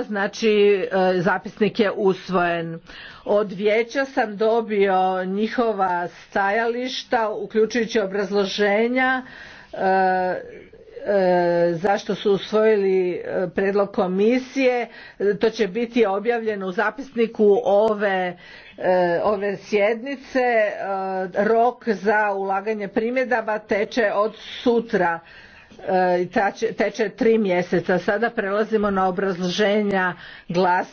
Znači e, zapisnik je usvojen. Od vijeća sam dobio njihova stajališta uključujući obrazloženja e, e, zašto su usvojili predlog komisije. To će biti objavljeno u zapisniku ove, ove sjednice. Rok za ulaganje primjedaba teče od sutra. E, teče tri mjeseca. Sada prelazimo na obrazloženja glasa.